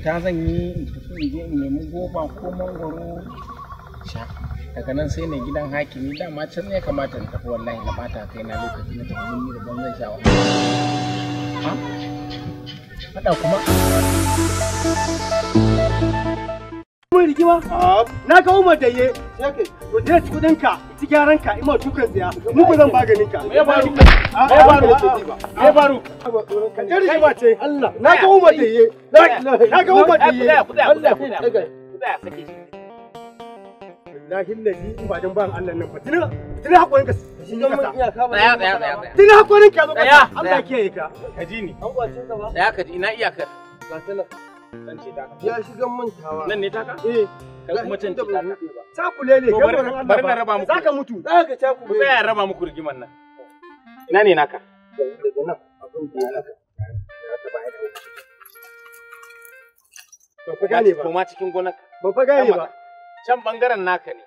fita zan yi in tafi in je in nemi goba ko mangwaro sha daga nan sai na gidan hakimi dama can ne kamata in tafi wallahi na bata kai na lokaci na tafi mun da banzan sha wahala. Hada kuma. rigima? Na ga Umar da ye. To je ci kudin ka, ci gyaran ka, ima tukan tsiya. Mu ku zan maganin ka. Me faru? Ah, Me faru? Ah, ah, Me faru? Ka je rigima ce. Allah. Na ga Umar da ye. Na ga Umar da ye. Allah. Wallahi lalli ba dan ban Allah nan ba. Tuna tuna hakurin ka. Tsaya hakurin ka Allah kiyaye ka. Ka ji ni. An kwace ka ba. Tsaya ka ji ina iyakar. Ga talaka. Ya shigan mantawa. Nan ne taka? Eh. Kai kuma can taka. ne, kai wannan Bari na raba muku. Zaka mutu. Zaka cakule. Ku tsaya raba muku rigiman nan. Ina ne naka? Daga nan da naka. Ya Ba gane ba. cikin gonar. Ba fa gane ba. Can bangaren naka ne.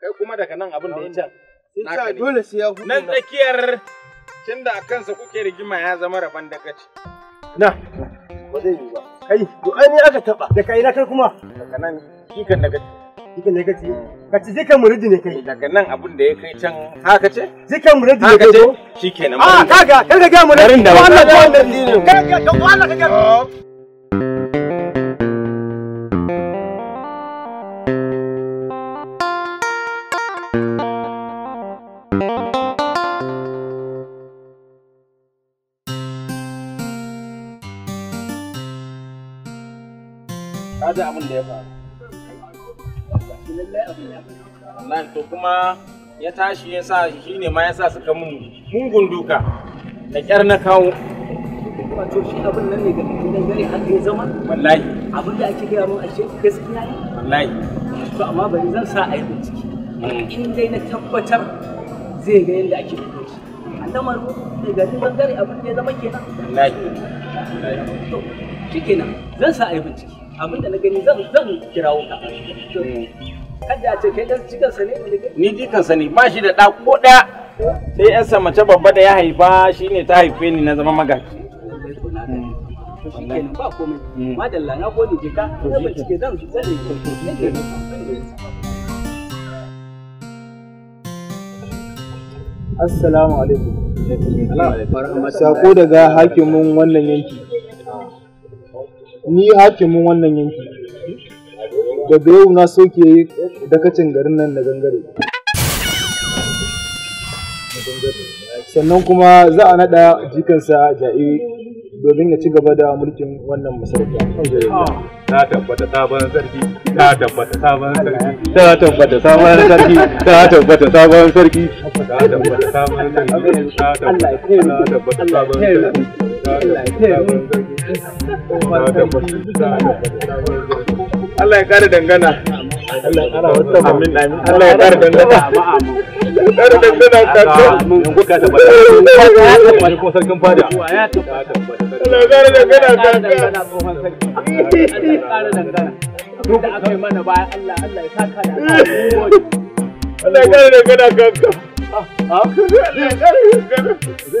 Kai kuma daga nan abin da ya can. Naka ne. Dole sai ya hudu. Nan tsakiyar tunda a kansa kuke rigima ya zama raban dagaci. Na. ba zai ba kai to ai ni aka taba da kai na kai kuma daga nan kikan daga kikan ka zikan muridi ne kai eh, daga nan abin da ya kai can haka ce zikan muridi ne kai shikenan a ah, kaga kaga ga muridi wannan da wannan ne kaga to Allah kaga ya faru wallahi to kuma ya tashi ya sa shi ne ma ya sa suka mun mungun duka da kyar na kawo wato shi abin nan ne ga gidan gari haka ya zama wallahi abin da ake gaya mun ashe gaskiya ne wallahi to amma bari zan sa a yi bincike hmm. in dai na tabbatar zai ga yadda ake fito shi alamar da gari gari abin da ya zama kenan wallahi to shi kenan zan sa a yi bincike abin da na gani zan zan kirawo ka hmm. kada a ce kai dan jikansa ne ni jikansa ne ba shi da da ko da sai yan sa mace babba da ya haifa shine ta haife ni na zama magaji hmm. to shi kenan ba komai hmm. madalla na gode jika na bincike zan zan ne Assalamu alaikum. Sako daga hakimin wannan yanki. ni hakimin wannan yanki da bayu na soke yi dakacin garin nan na gangare sannan kuma za a naɗa jikansa ja'i domin ya ci gaba da mulkin wannan masarauta. Ta tabbata sabon sarki, ta tabbata sabon sarki, ta tabbata sabon sarki, ta tabbata sabon sarki, ta tabbata sabon sarki, ta tabbata sabon sarki, ta tabbata sabon sarki. Allah ya kare dangana. Amin amin. Allah ya kare dangana. Kare dangana ta ce. Allah ya kare dangana ta ko sarkin fada. Allah ya kare dangana ta ya Kare dangana. da aka yi mana baya Allah Allah ya da. Allah ya kare dangana kanka. Ah, ah. Allah ya kare dangana. Zai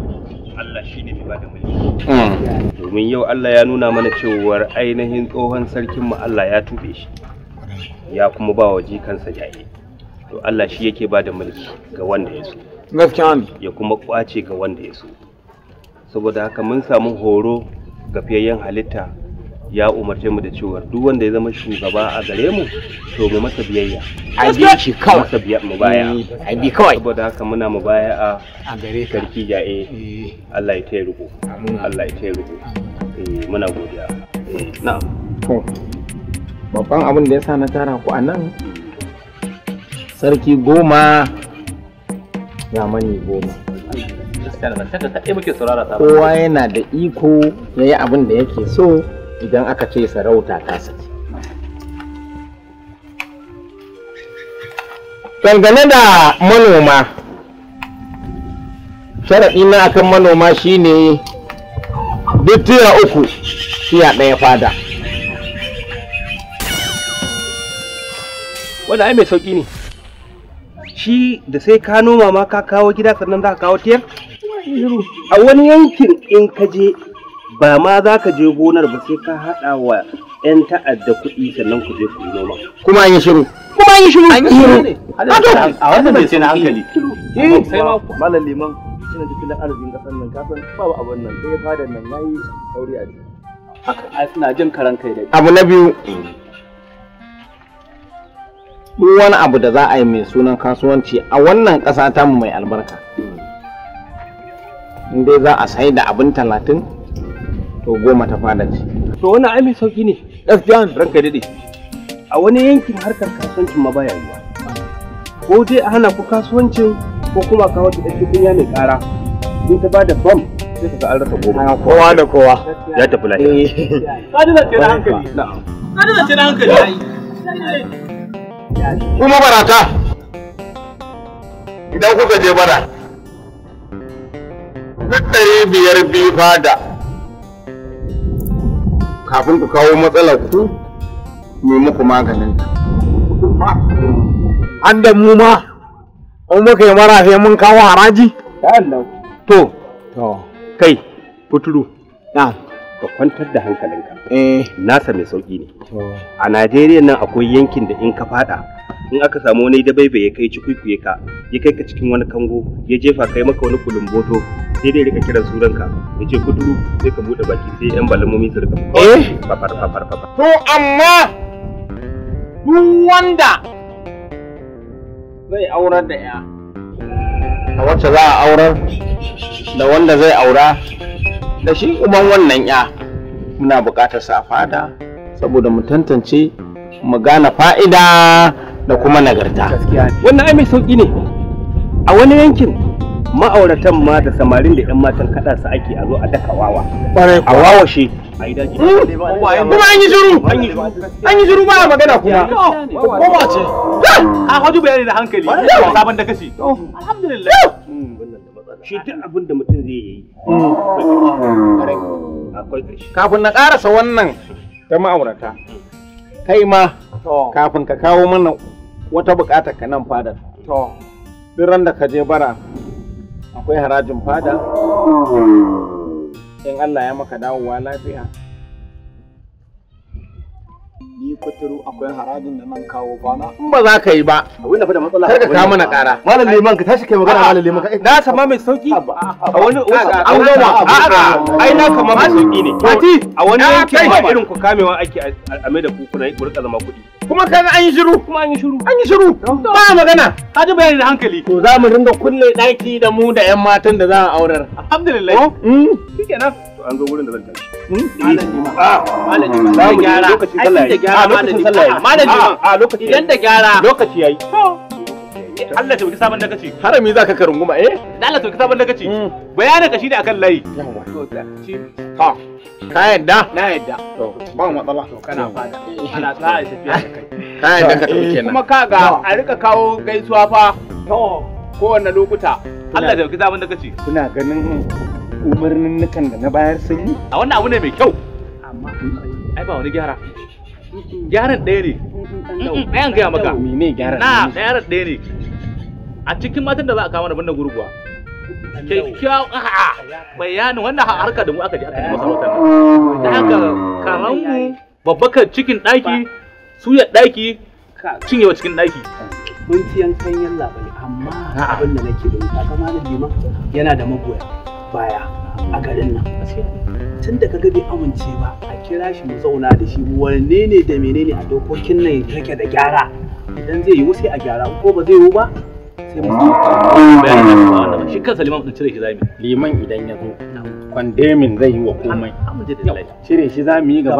Allah ne ba da mulki hmm. domin yau Allah ya nuna mana cewar ainihin tsohon sarkin mu Allah ya tube shi ya kuma ba wa jikansa yaye to Allah shi yake bada mulki ga wanda ya so gaskiya ya kuma kwace ga wanda ya so saboda haka mun samu horo ga fiyayyen halitta ya umarce mu da cewa duk wanda ya zama shugaba a gare mu to mu masa biyayya a bi shi kawai masa biyayya mu baya eh, a bi kawai saboda haka muna mu baya a gare ka sarki ja'e eh. Allah ya taya riko Allah ya taya riko eh, muna godiya na'am to babban abin da yasa na tara ku anan sarki goma mani goma kowa yana da iko ya yi abin da yake so idan aka ce sarauta ta saki. Dangane da manoma, sharaɗi na akan manoma shine duk tiya uku tiya ɗaya fada. Wanda ai mai sauƙi ne, shi da sai ka noma ma ka kawo gida sannan za ka kawo tiyar? A wani yankin in ka je ba ma za ka je gonar ba sai ka haɗa wa 'yan ta'adda kuɗi sannan ku je ku noma. Kuma an yi shiru. Kuma an yi shiru. An yi shiru. A wannan bai sai na hankali. Malam liman ina da filin arzikin ƙasar nan kasan babu abin nan sai fadar nan ya yi sauri a jiki. Haka suna jin karan kai da Abu na biyu. Duk wani abu da za a yi mai sunan kasuwanci a wannan ƙasa tamu mai albarka. In dai za a sai da abin talatin to goma ta fada ce to wani ai mai sauki ne jan ranka dade a wani yankin harkar kasuwancin ma baya yiwa ko dai a hana ku kasuwancin ko kuma kawo ta ɗauki kunya mai ƙara in ta bada bam sai ka ga an rasa goma kowa da kowa ya tafi lafiya kadina eh, ce na hankali kadina ce na hankali ai kuma barata idan kuka je bara duk ɗari biyar biyu fada kafin ku kawo matsalar ku mai muku maganin an da mu ma an muka yi mara sai mun kawo haraji to kai puturu na ka kwantar da hankalinka eh. nasa mai sauki ne a najeriya nan akwai yankin da in ka fada in aka samu wani bai kai ci kwikwiye ka ya kai ka cikin wani kango ya jefa kai maka wani kulumboto sai dai rika kiran sunanka ya ce kuduru sai ka bude baki sai yan balamomi su rika eh fafar fafar fafar to amma duk wanda zai aurar da ya a wacce za a aurar da wanda zai aura da shi uban wannan ya muna buƙatar sa a fada saboda mu tantance mu gane fa'ida da kuma nagarta wannan ai mai sauki ne a wani yankin ma'auratan ma da samarin da 'yan matan kada su ake a zo a daka wawa a wawa shi hmm? kuma an yi shiru an yi shiru ba magana kuma koma ce a hajju bayani da hankali sabon da kashi alhamdulillah hmm. shi duk abin da mutum zai yi hmm. kafin na karasa wannan ta ma'aurata kai ma kafin ka kawo mana wata bukatar ka nan fadar to ran da ka je bara akwai harajin fada in Allah ya maka dawowa lafiya ni kuturu akwai harajin da nan kawo bana in ba za ka yi ba fa da matsala kar ka kawo mana kara malam liman ka tashi kai magana malam liman na sama mai sauki a wani an goma a a ai na kama mai sauki ne a wani yankin ba irin ku kamewa ake a mai da ku kuna ku rika zama kuɗi kuma kaga an yi shiru kuma an yi shiru an yi shiru ba magana ka ji bayani da hankali to za mu ringa kulle daki da mu da yan matan da za a aurar alhamdulillah oh, hmm. shikenan to an zo wurin da zan tashi hmm? eh. Malam a ah. lokacin sallah yayi. Ah, ah, Idan da gyara, lokaci yayi. Allah ta wuce sabon dagaci harami za ka karunguma eh da Allah ta wuce sabon dagaci hmm. bayanin ka shine akan layi yawa ha ka yadda na yadda to ba matsala to kana fada ana tsaya tafiya da kai ka yadda ka tafi eh, kenan kuma kaga a rika kawo gaisuwa fa to kowanne lokuta Allah ta wuce sabon dagaci kuna ganin umarnin nukan da na bayar sun yi a wannan abu ne mai kyau amma ai ba wani gyara gyaran ɗaya ne ɗayan gaya maka na gyaran ɗaya ne a cikin matan da za a kawo mana banda gurguwa kyakkyawan a'a bayanin wannan harka da mu aka je aka ji masa nan da haka mu babbakar cikin ɗaki suyar ɗaki cinyewa cikin ɗaki mun ci yankan yalla bane amma abin da nake da kama da jima yana da magoya baya a garin nan tun da kaga bai amince ba a kira shi mu zauna da shi wanne ne da menene a dokokin nan yake da gyara idan zai yi sai a gyara ko ba zai yi ba sai mu bayanin shi kansa liman cire shi zamu liman idan ya zo kwandemin zai yi wa komai cire shi zamu yi gaba